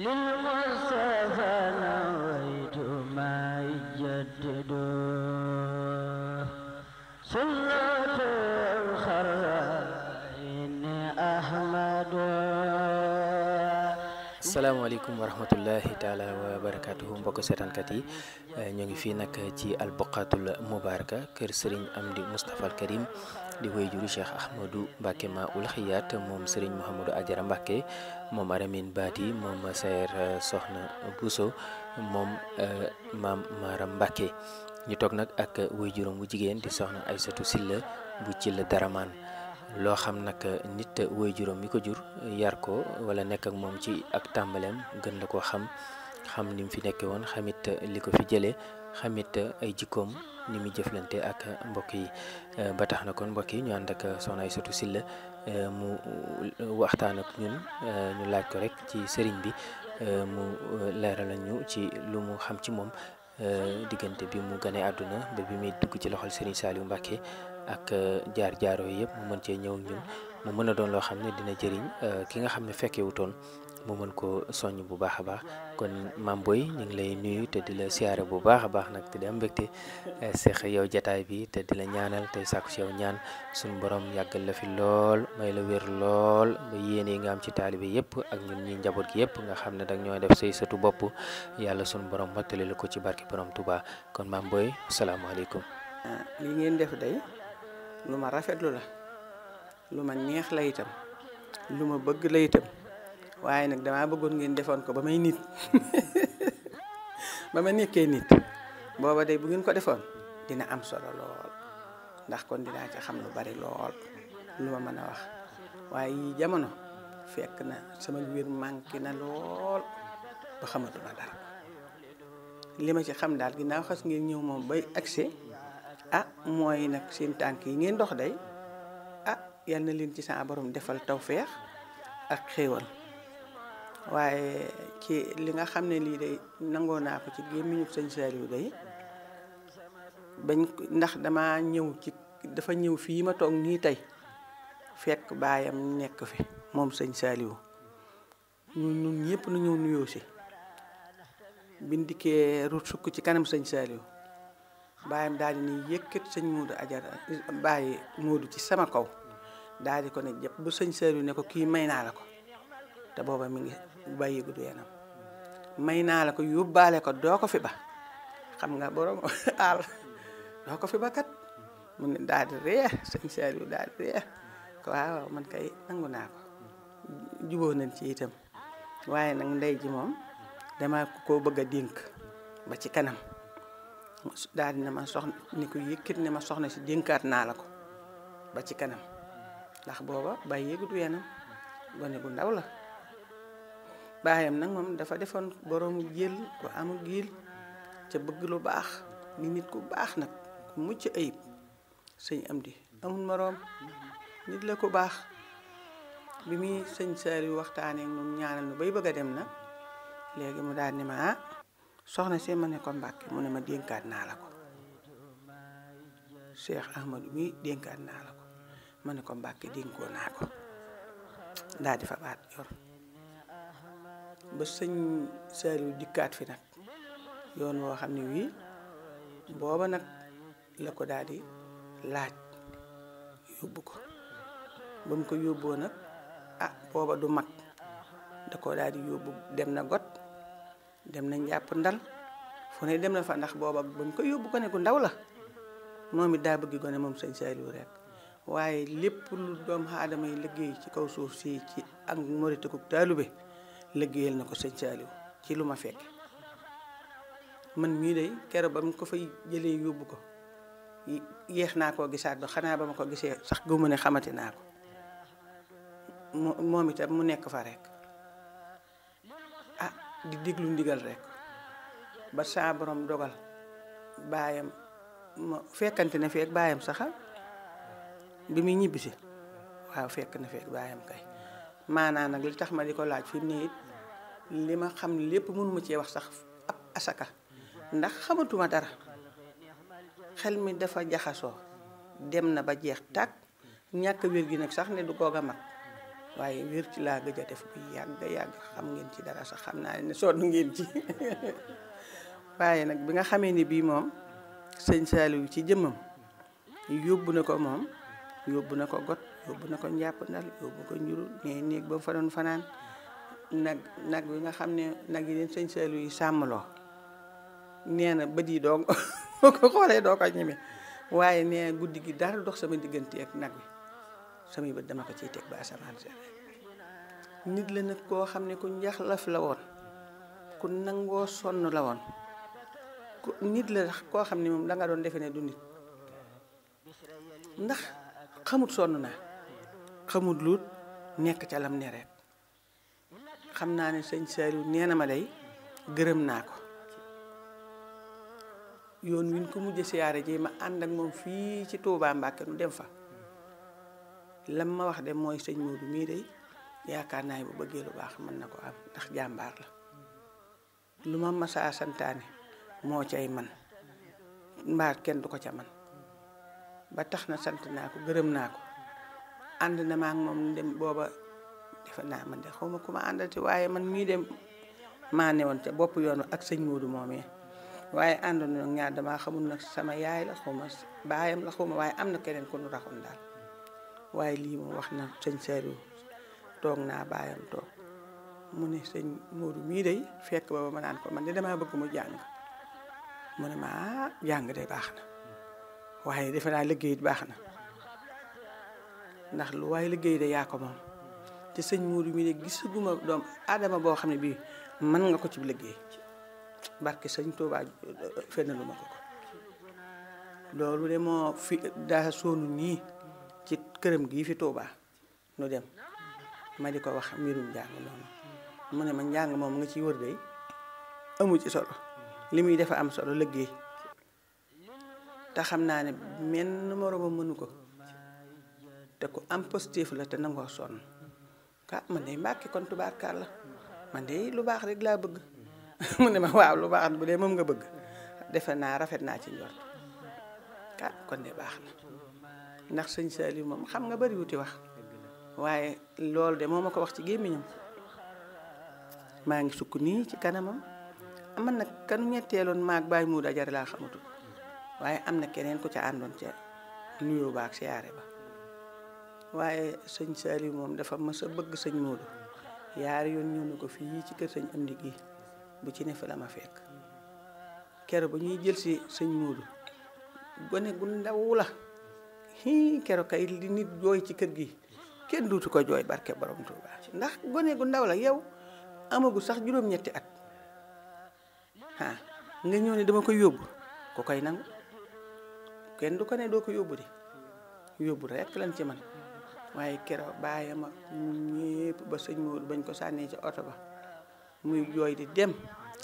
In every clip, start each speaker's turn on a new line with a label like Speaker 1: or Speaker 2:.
Speaker 1: للوصف نويت ما يجدد سنة أخرى أحمد السلام عليكم ورحمة الله تعالى وبركاته مبوك سيطان كاتي نيوغي في نك البقات المباركة كرسرين أمدي مصطفى الكريم di juri cheikh ahmadou mbake ma ul khiyat Muhammad serigne mohamadou adjara mbake mom aramin badi mom seer eh, sohna buso mom eh, mam maram mbake ñu tok nak ak wéyjuram wu jigen di sohna aissatou sille bu ci le daraman lo xam nak nit wéyjuram mi ko jur yar ko wala nek ak mom ci ak tambalem gën la ko xam xam nim fi nekke xamit liko fi jele xamit ay jikom ni muy jëflante ak mbokk yi euh, ba tax na kon mbokk yi ñu ànd ak soxna Aysatu Silla euh, mu waxtaan ak ñun euh, ñu laaj ko rek ci sëriñ bi mu leeral ñu ci lu mu xam ci moom diggante bi mu gane àdduna ba bi muy dugg ci loxol sëriñ Saliou Mbacke ak jaar jaaro yëpp mu mën cee ñëw ñun mu mën a doon loo xam ne dina jëriñ ki nga xam ne fekkewutoon mu mën ko soññ bu baax a baax kon Mame Boye ñu ngi lay nuyu te di la siyaare bu baax a baax nag te di am mbégte eh, seex yow jataay bi te di la ñaanal tey ñaan suñu borom yàggal la fi lool may la wér lool ba yéene nga am ci taalibe yëpp ak ñun ñi njaboot gi yëpp nga xam ne dag ñooy def say sëtu bopp yàlla suñu borom mottali la ko ci barki borom Touba kon Mame Boye salaamaaleykum.
Speaker 2: Ah, li ngeen def day lu ma rafetlu la lu ma neex la itam lu ma bëgg la itam. waye nak dama bëggoon ngeen defoon ko bamay nit bamay nekké nit boba day bu ngeen ko defoon dina am solo lool ndax kon dina ci xam lu bari lool luma mëna wax waye yi jamono fekk na sama wir manki na lool ba xamatuma dara li ma ci xam dal ginaaw xass ngeen ñew mom bay accès ah moy nak seen tànk yi ngeen dox day ah yal leen ci sa borom defal tawfiq ak xewal waaye ci li nga xam ne lii de nangoo naa ko ci gémmiñu sëñ Saliou day bañ ndax dama ñëw ci dafa ñëw fii ma toog nii tey fekk baayam nekk fi moom sëñ Saliou ñun ñun ñëpp nu ñëw nuyoo si bindikee rut sukk ci kanam sëñ Saliou baayam daal di ni yëkkat sëñ Modou Ajar bàyyi muudu ci sama kaw daal ko ne jëpp bu sëñ Saliou ne ko kii may naa la ko te booba mi ngi bu bàyyi gudd yanam may naa la ko yóbbaale ko doo ko fi ba xam nga borom àll doo ko fi ba kat mu ne daal di réer sëñ Saliou daal di réer waaw waaw man kay nangu naa ko juboo nañ ci itam waaye nag ndey ji moom dama ko bëgg a dénk ba ci kanam daal di na ma soxna ni ko yëkkit ne ma soxna si dénkaat naa la ko ba ci kanam ndax booba bàyyi yéegu du gone gu ndaw la bayam nak mom dafa defon borom jël ko amul giil ci bëgg lu bax ni nit ku bax nak ku mucc ayib señ amdi amul moroom nit la ku bax bi señ sari waxtane ak ñun ñaanal lu bay bëgg dem nag légui mu daal ni ma ah, soxna si mané ko mbacké mu ne ma dénkaat na la ko Cheikh ahmad mi dénkaat na la ko mané ko mbacké dénkoo na ko daal di fa baat yor ba sëñ Saliou dikkaat fi nag yoon woo xam ne wii booba nag la ko daal di laaj yóbbu ko ba mu ko yóbboo nag ah booba du mag da ko daal yóbbu dem na got dem na njàpp ndal foo ne dem na fa ndax booba ba mu ko yóbbu ko ne ndaw la moom it daa bëgg gone moom sëñ Saliou rek waaye lépp lu doomu aadama yi liggéey ci kaw suuf si ci ak morite ku taalube liggéeyal na ko sëñ Saaliw ci lu ma fekk man mii day kero ba ko fay jëlee yóbbu ko yeex naa koo gisaat ba xanaa ba ma ko gisee sax gu ne xamati naa ko moom itam mu nekk fa rek ah di déglu ndigal rek ba saa borom dogal baayam ma fekkante na feek baayam saxal bi muy ñibbisi waaw fek na feek baayam kay mana nak li tax ma di ko lima fi mu mun it li ma xam wax sax ab asaka ndax xamatuma dara xel mi dafa jaxasoo dem na ba jeex nyak ñàkk wér gi nag sax ne du googa mag waaye wér ci laa gëj a def bu yàgg yàgg xam ngeen ci dara sax xam naa ne sonn ngeen ci waaye bi nga ni mom ci got yóbbu na ko njàppandal yóbbu ko njurul ne néeg ba fa doon fanaan nag nag wi nga xam ne nag yi leen sëñ seelu yi sàmmloo nee na bët yi doo ko xoolee doo ko ñeme waaye nee guddi gi dara dox sama diggante ak nag wi samay bët dama ko ciy teg ba asamaan si nit la nag koo xam ne ku njaxlaf la woon ku nangoo sonn la woon ku nit la koo xam ne moom nga doon defe ne du nit ndax xamut sonn naa xamut luut nekk ca lam ne rek xam naa ne sëñ Saliou nee na ma day gërëm naa ko yoon wi ñu ko mujj siyaare ji ma ànd ak moom fii ci Touba Mbàkke dem fa lam ma wax de mooy sëñ Modou mii yaakaar naa bu bëggee lu mën na ko am ndax jàmbaar la lu ma masaa santaane moo man mbaar kenn du ko ca man ba tax na sant naa ko gërëm naa ko ànd na maak moom dem booba defe naa man de xaw ma ku ma ti waaye man mii dem maa ne woon te bopp yoonu ak sëñ Moodu moomee waaye ànd na ñaar damaa xamul nag sama yaay la baayam la ma waaye am na keneen ku nu raxoon daal waaye lii moom wax na sëñ Saliou toog naa baayam toog mu sëñ Moodu mii day fekk booba ma naan ko man de damaa bëgg mu jàng mu ne ma ah, jàng de baax na waaye defe naa liggéey baax na ndax lu waaye liggéey de yaa ko moom te sëñ Mourou mi ne gisaguma doom aadama boo xam ne bii mën nga ko ci liggéey barke sëñ Touba fennaluma ko ko loolu de moo fi daa soonu nii ci këram gii fi Touba nu dem ma di ko wax mbirum njàng noonu mu ne ma njàng moom nga ciy wër de amu ci solo li muy defa am solo liggéey te xam naa ne menn moroomam mënu ko te ku am positif la te nangoo sonn ah man de mbàkki kon tubaarkaar la man de lu baax rek laa bëgg mu ne ma waaw lu baax bu dee moom nga bëgg defe naa rafet naa ci njort ah kon de baax na ndax sëñ Saliou moom xam nga bari wuti wax waaye loolu de moo ma ko wax ci gémmiñam maa ngi sukk nii ci kanamam man na kanu ñetteeloon baay bàyyi a dajare laa xamatul waaye am na keneen ku ca àndoon ca nuyoo baak siyaare ba waaye sëñ Saliou moom dafa ma a bëgg sëñ Modou yaar yoon ñëw na ko fii ci kër sëñ Amdi gi bu ci ne fa la ma fekk keroog ba ñuy jël si sëñ Modou gone gu ndaw la hii keroog kay li nit jooy ci kër gi kenn duutu ko jooy barke borom Tuuba ndax gone gu ndaw la yow amagu sax juróom-ñetti at ah nga ñëw ne dama koy yóbbu ko koy nangu kenn du ko ne doo ko yóbbu de yóbbu rekk lan ci man waaye keroog bàyyama ñu ñépp ba sëñ Maodo bañ ko sànnee ci oto ba muy jooy di dem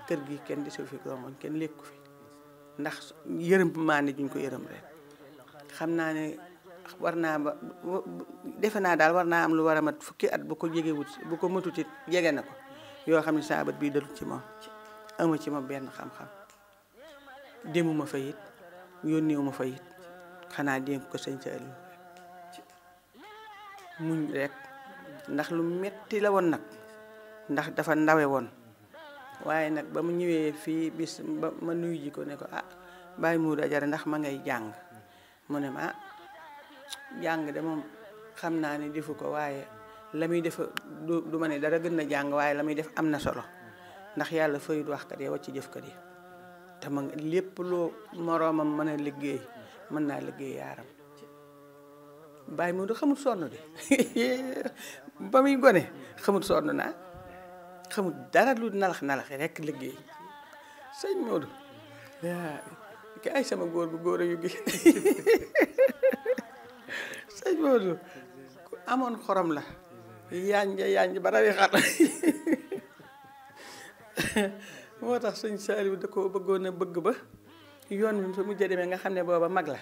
Speaker 2: kër gi kenn di su fi rongoñ kenn lekku fi ndax yërëm maa ne duñ ko yërëm rek xam naa ne war naa ba defe naa daal war naa am lu war a mat fukki at bu ko jegewut bu ko matutit jege na ko yoo xam ne saabat bii dalu ci moom amu ci ma benn xam-xam demuma fa it yónneewuma fa it xanaa dénk ko sëñ sa ëllëg muñ rek ndax lu metti la woon nag ndax dafa ndawe woon waaye nag ba mu ñëwee fii bis ma nuyu ko ne ko ah bàyyi mu dajare ndax ma ngay jàng mu ne ma ah, jàng de moom xam naa ne defu ko waaye la muy def du ma ne dara gën a jàng waaye la muy def am na solo ndax yàlla fayut waxkat yi wacc jëfkat yi te ma lépp loo moroomam mën a liggéey mën naa liggéey yaaram Baye Modou xamut sonn de ba muy gone xamul sonn naa xamul dara lu nalax nalax rekk liggéey sëñ Modou waaw sama góor bu góor a ku amoon xorom la yanja yanja ba rawe xar moo tax sëñ Saliou da koo bëggoon na bëgg ba yoon wi mu mujj demee nga xam ne booba mag la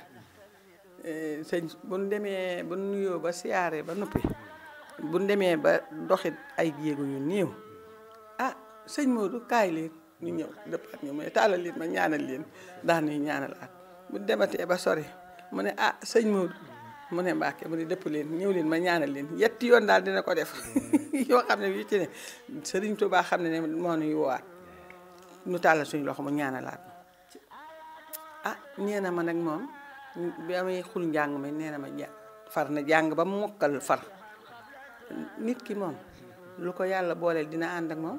Speaker 2: Eh, sëñ bu nu demee ba nuyoo ba siyaaree ba noppi bu nu demee ba doxit ay jéego yu niiw ah sëñ Modou kaay leen ñu ñëw dëppaat ñu may taalal leen ma ñaanal leen daan ñuy ñaanalaat bu dematee ba sori mu ne ah sëñ Modou mu ne Mbàkke mu ne dëpp leen ñëw leen ma ñaanal leen yetti yoon daal dina ko def yoo xam ne yu ci ne Sëriñ Tuubaa xam ne ne moo nuy woowaat nu taalal suñu loxo mu ñaanalaat ah ñeena ma nag moom bi amee xul njàng mi nee na ma far na jàng ba mu mokkal far nit ki moom lu ko yàlla booleel dina ànd ak moom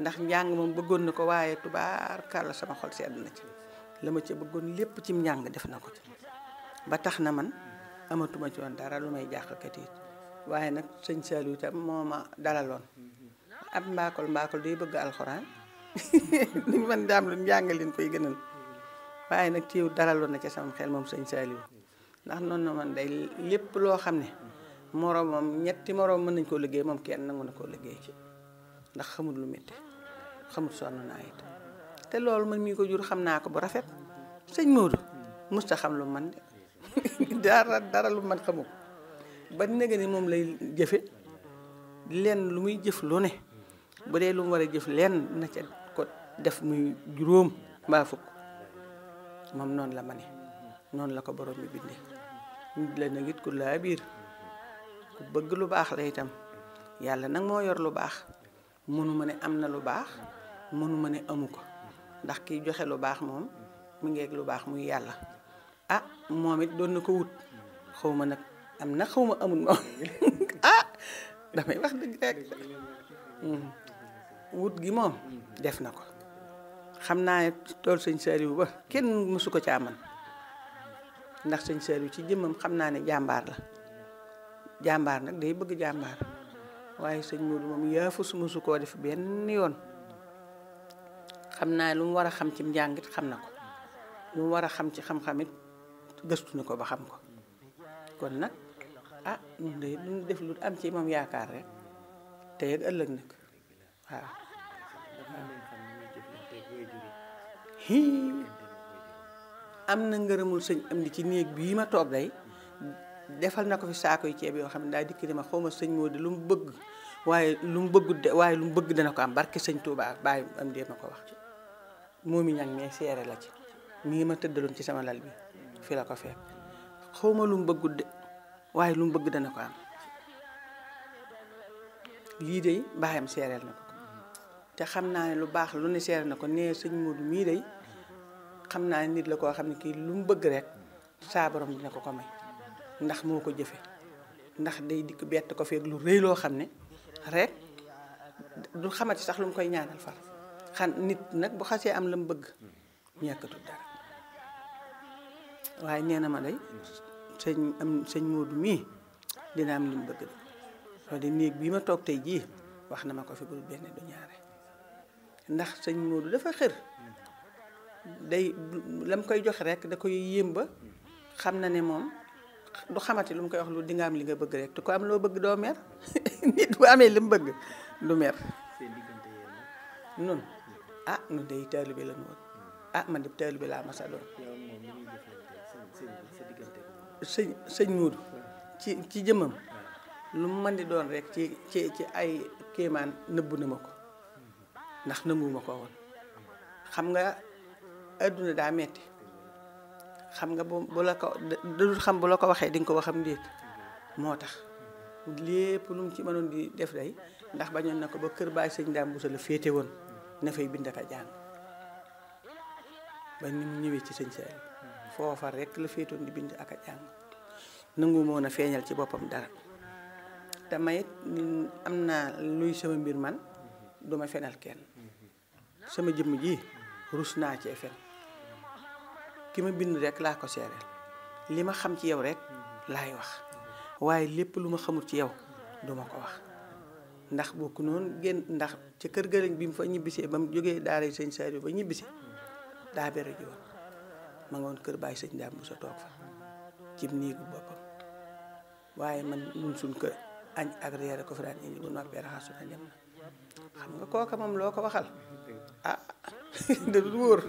Speaker 2: ndax njàng moom bëggoon na ko waaye tubaarkàlla sama xol sedd na ci la ma ci bëggoon lépp cim njàng def na ko ci ba tax na man amatuma ci woon dara lu may jàqkat yi waaye nag sëñ Saliou itam moo ma dalaloon ab mbaakol mbaakol day bëgg alxuraan ni man daam lu njàng leen koy gënal waaye nag téew daraloon na ca sama xel moom sëñ Saliou ndax noonu na man day lépp loo xam ne moroomam ñetti moroom mën nañ koo liggéey moom kenn nangu na koo liggéey ndax xamul lu métti xamul sonn naa te loolu man mii ko jur xam naa ko bu rafet sëñ Modou musta xam lu man de dara dara lu man xamu ba nega moom lay jëfe lenn lu muy jëf lu ne bu dee lu mu war a jëf lenn na ca ko def muy juróom mbaa fukk moom noonu la ma ne noonu la ko borom bi bindee nit la nag it ku laa biir ku bëgg lu baax la itam yàlla nag moo yor lu baax mënu ma ne am na lu baax mënu ma ne amu ko ndax kiy joxe lu baax moom mu ngeeg lu baax muy yàlla ah moom it doon na ko wut xaw ma nag am na xaw ma amul moom ah damay wax dëgg rek hmm. wut gi moom def na ko xam naa tool sëñ Saliou ba kenn mësu ko caa man ndax sëñ Saliou ci jëmmam xam naa ne jàmbaar la jàmbaar nag day bëgg jàmbaar waaye sëñ Modou moom su mësu koo def benn yoon xam naa lu mu war a xam ci njàngit xam na ko lu mu war a xam ci xam-xamit gëstu na ko ba xam ko kon nag ah ñun de duñ def lu am ci moom yaakaar rek tey ak ëllëg nag waaw. am na ngërëmul sëñ am di ci néeg bii ma toog day defal na ko fi saako yi ceeb yoo xam ne daa dikk di ma xaw ma sëñ moo lu mu bëgg waaye lu bëgg de waaye lu mu bëgg dana ko am barke sëñ Touba am dee ma ko wax seere la ci mi ngi ma tëddaloon ci sama lal la ko fekk xaw lu mu waaye lu mu bëgg dana ko am lii de bàyyam seereel na ko te xam naa ne lu baax lu ne seer na ko nee sëñ Modou mii day xam naa ne la koo xam ne kii lu bëgg rek saa borom dina ko ko may ndax moo ko jëfe ndax day dikk bett ko feeg lu rëy loo xam ne rek du sax lu mu koy ñaanal far nag bu xasee am la mu bëgg ñàkkatul dara waaye nee na ma day sëñ am mii dina de néeg bii ma toog tey jii wax na ma ko fi bul benn du ñaare ndax sëñ Modou dafa xër day lam koy joxe rek da koy yéem ba xam na ne moom du xamati lu mu koy wax lu di nga am li nga bëgg rek te ko am loo bëgg doo mer nit bu amee li mu bëgg du mer. nun ah nun day taalibe la ñu ah, laa masa doon sëñ sëñ Modou ci ci jëmmam lu mu mën di doon rek ci ci ci ay kéemaan nëbbu na ma ko ndax nanguwuma ko woon xam nga àdduna daa metti xam nga bu bu la ko dul xam bu la ko waxee di nga ko waxam déet moo tax lépp lu mu ci mënoon di def day ndax bañoon na ko ba kër baay sëñ daam busa la féete woon na fay bind ak jàng ba ni ñëwee ci sëñ Saaliw foofa rekk la féetoon di bind ak a jàng nangu a feeñal ci boppam dara te mayit am naa luy sama mbir man duma fenal kenn sama jëmm ji rus naa ci fen ki ma bind rek laa ko seereel li ma xam ci yow rek laay wax waaye lépp lu ma xamul ci yow duma ko wax ndax bokk noonu génn ndax ca kër gëlañ bi mu fa ñibbisee ba mu jógee daara sëñ Saaliw ba ñibbisee daa bere ma nga woon kër bàyyi sëñ daam bu sa toog fa cib néegu boppam waaye man mun suñ kër añ ak reer ko fi daan indi bu noppee raxasu na dem xam nga kooka moom loo ko waxal ah da du wóor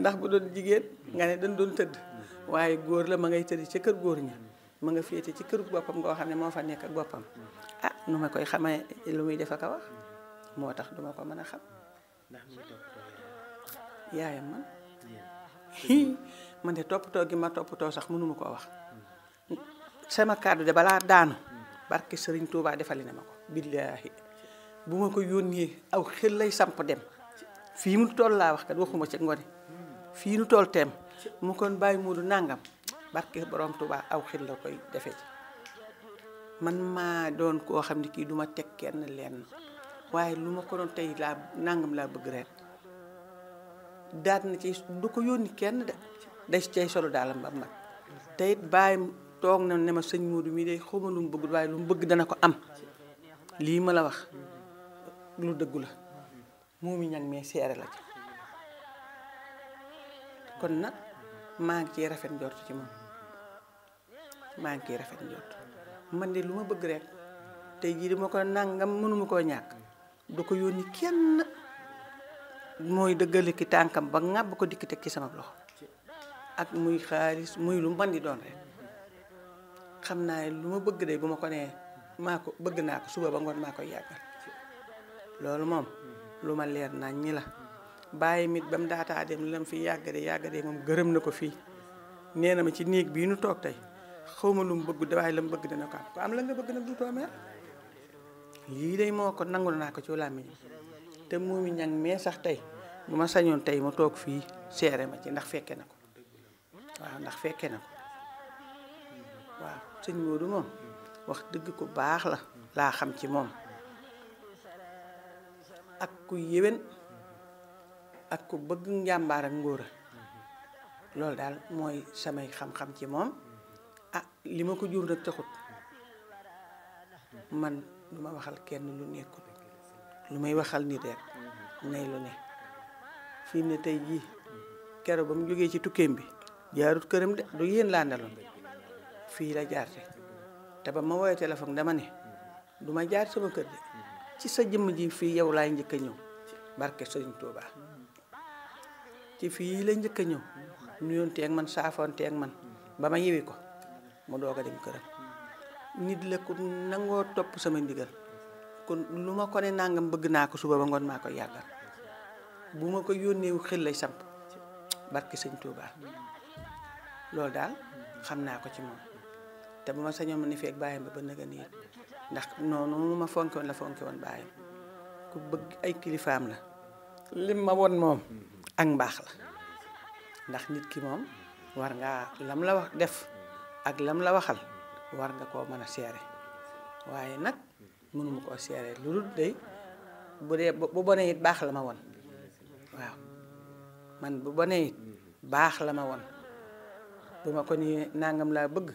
Speaker 2: ndax bu doon jigéen nga ne dañ doon tëdd waaye góor la ma ngay tëdd ci kër góor ñi ma nga féete ci kër boppam nga xam ne moo fa nekk ak boppam ah nu ma koy xamee lu muy def ak a wax moo tax duma ko mën a xam yaayam man man de toppatoo gi ma toppatoo sax mënuma koo wax sama kàddu de balaa daanu barke Sëriñ touba defali na ma ko billaahi bu ma ko yónnee aw xel lay samp dem fii mu toll laa wax kat waxuma ci ngone fii nu toll teem mu kon bàyyi moodu nàngam barke borom Tuubaa aw xel la koy defe ci man maa doon koo xam ne kii du ma teg kenn lenn waaye lu ma ko doon tey laa nàngam laa bëgg ren daat na ci du ko yónni kenn de day cay solo daalam ba mag te it bàyyi toog na ne ma sëñ Moodu mii day xawma lu mu lu mu bëgg dana ko am lii ma la wax lu dëggu la moomi ñan mais seere la ca kon nag maa ngi ciy rafet njort ci moom maa ngi ciy rafet njort man de lu ma bëgg rek tey jii dama ko nangam mënuma koo ñàkk du ko kenn ki ba ko sama loxo ak muy kharis muy lu man di doon rek xam naa lu ma bëgg de bu ma ko nee maa bëgg loolu moom lu ma leer nañ ñi la bàyyi mit ba mu daataa dem lam fi yàggade yàggade moom gërëm na ko fii nee na ma ci néeg bii nu toog tey xaw ma lu mu bëgg waaye la mu bëgg dana ko am la nga bëgg nag duutoo meer lii day moo ko nangul naa ko ci làmmiñ te moomi ñang mee sax tey bu ma sañoon tey ma toog fii seere ma ci ndax fekke na ko waaw ndax fekke na ko waaw sëñ Modou moom wax dëgg ku baax la laa xam ci moom ak ku yéwén ak ku bëgg njàmbaar ak ngóora loolu daal mooy samay xam-xam ci moom ah li ma ko jur nag taxut man lu ma waxal kenn lu nekkul lu may waxal nit rek nay lu ne fii ne tey jii kero ba mu jógee ci tukkeem bi jaarut këram de du yéen laa neloon fii la jaarte te ba ma woowee téléphone dama ne du ma jaar sama kër de ci sa jëmm ji fii yow laay njëkk a ñëw barke Sëriñ Touba ci fii lay njëkk a ñëw nuyonteeg man saafoonteeg man ba ma yewi ko mu doog a dem këram nit la ko nangoo topp sama ndigal kon lu ma ko ne nangam bëgg naa ko suba ba ngoon maa koy yàggal bu ma ko yónnee xel lay samp barke Sëriñ Touba loolu daal xam naa ko ci moom te bu ma sañoon ma ne feeg bàyyam ba ba nëga nii ndax noonu mu ma fonke la fonke woon bàyyam ku bëgg ay kilifaam la lim ma woon moom ak mbaax la ndax nit ki moom war ngaa lam la wax def ak lam la waxal war nga koo mën a seere waaye nag mënuma koo seeree lu dul day bu dee bu bonee it baax la ma woon waaw man bu bonee it baax la ma woon bu ma ko nii nangam laa bëgg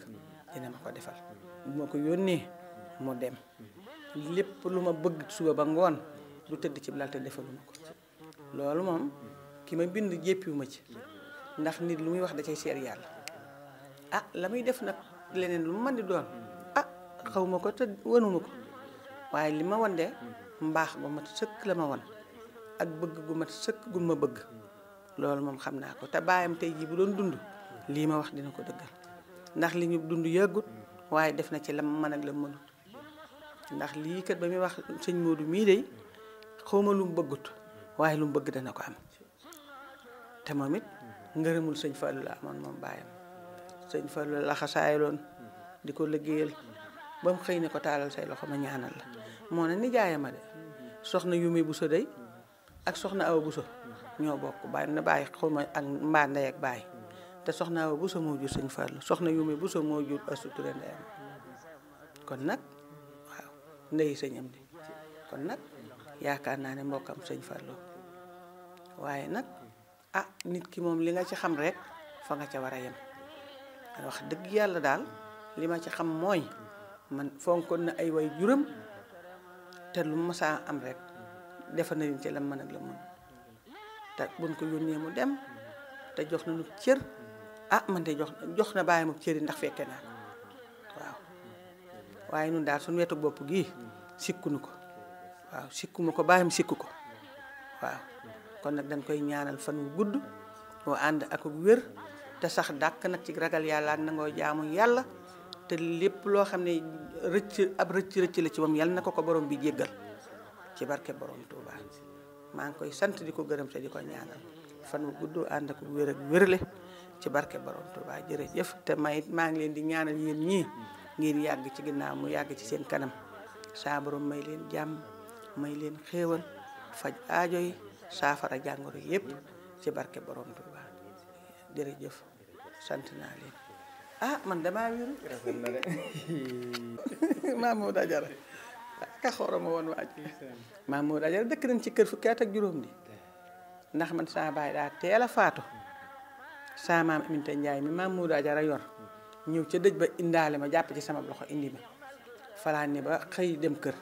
Speaker 2: dina ma ko defal bu ko yónnee mu dem lépp lu ma bëgg suba ba ngoon du tëdd ci lal te defaluma ko loolu moom ki ma bind jéppiwuma ci ndax nit lu muy wax da cay seer yàlla ah la muy def nag leneen lu mu di doon ah xawma ko te wanuma ko waaye li ma wan de mbaax gu mat sëkk la ma won ak bëgg gu ma sëkk gu ma bëgg loolu moom xam naa ko te baayam tey jii bu doon dund lii ma wax dina ko dëggal ndax li ñu dund yàggut waaye def na ci lam man ak la mënut ndax lii kat ba muy wax sëñ Modou mii de ma lu mu bëggut waaye lu mu bëgg dana ko am te moom it ngërëmul sëñ Fallou la amoon moom baayam sëñ Fallou la xasaayaloon di ko liggéeyal ba xëy ne ko taalal say loxo ma ñaanal la moo ne nijaaya ma de soxna Yumi Bousso day ak soxna Awa Bousso ñoo bokk bàyyi na bàyyi ma ak mbaa ndey ak bàyyi te soxna Awa Bousso moo jur sëñ Fallou soxna Yume Bousso moo jur Astou Touré ndeyam kon nag waaw ndeyi sëñam di kon nag yaakaar naa ne mbokkam sëñ Fallou waaye nag a ah, nit ki moom li nga ci xam rek fa nga ca war a wax dëgg yàlla daal li ma ci xam mooy man fonkoon na ay way juram te lu masaa am rek defa na leen ci la mën ak la mën te buñ ko yónnee mu dem te jox nañu cër ah man de jox jox na bayam ak ciéri ndax fekke na waaw waye ñun daal suñu wétu bop gi sikku ko waaw sikku ko bayam sikku ko waaw kon nak dañ koy ñaanal fan wu gudd bo and ak wër te sax dak nak ci ragal na nangoo jaamu yalla te lepp lo xamné recc ab recc recc la ci yalla nako ko borom bi jéggal ci barké borom Touba ma ngi koy sant diko ko te diko ñaanal fan wu gudd and ak wër ak le ci barke borom Touba jërëjëf te mayit ma ngi leen di ñaanal yeen ñi ngir yàgg ci ginnaw mu yàgg ci seen kanam sa borom may leen jàmm may leen xéewal faj aajo yi saafara jangoro yépp ci barke borom Touba sant na leen ah man damaa wéru maa moo dajara ka xooroma woon waaj maa moo dajara dekk nañ ci kër fukki at ak juroom di ndax man sa bay da faatu saa maam Aminta Njaay mi maam Moodu Ajara yor ñëw ca dëj ba indaale ma jàpp ci sama loxo indi ma falaan ni ba xëy dem kër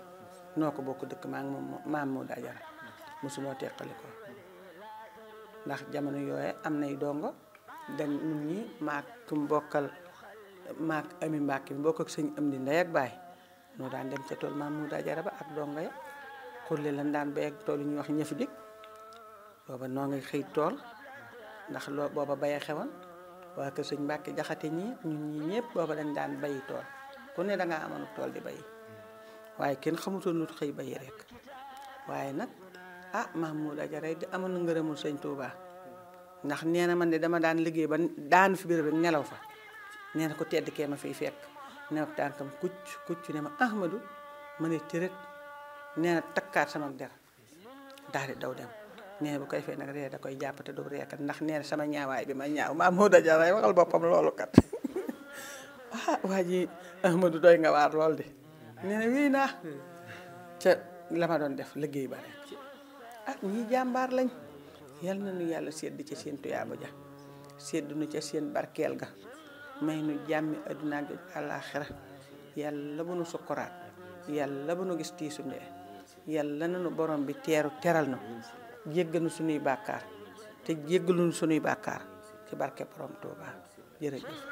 Speaker 2: noo ko bokk dëkk maa ngi moom maam Moodu teqali ko ndax jamono yooye am nay dongo dañ nit ñi maak kum maak ami mbàkk mi bokk ak sëñ am di ndey ak baay noo daan dem ca tool maam Moodu Ajara ba ak dongo ya xurle lan daan bay ak tool yu ñuy wax ñëf dik booba noo ngi xëy tool ndax lo boba baye xewon wa ke sëñ mbacke jaxate ni ñun ñi ñepp boba lañ daan bayi tool ku ne da nga amon tool di bayi waye ken xamuto lu xey bayi rek waye nak ah mahmoud ajaray di amon ngërëmul seigne touba ndax neena man de dama daan liggey ba daan fi béréb nelaw fa neena ko tedd ke ma fek ne new tankam kucc kucc ne ma ahmadou mané sama der daari daw dem nee bu koy defee nak ree da koy jàpp te du rek ndax nee sama nyawa bi ma ñaaw maam da jaray waxal bopam loolu kat ah waji eh, Ahmadou doy nga war lol de nee na wii naa ca la ma doon def liggey ba rek ah ñii jàmbaar lañ yal na nu yàlla sedd ci seen tuyaaba ja sedd nu ci seen barkel ga may nu jàmmi àdduna ya, ak àllaaxira yalla bu nu sukura yalla bu nu gis tiisu ndee yalla na borom bi teru teral na jéggal nu sunuy bàkkaar te jéggalu nu sunuy bàkkaar ci barke borom Tuuba jërëjëf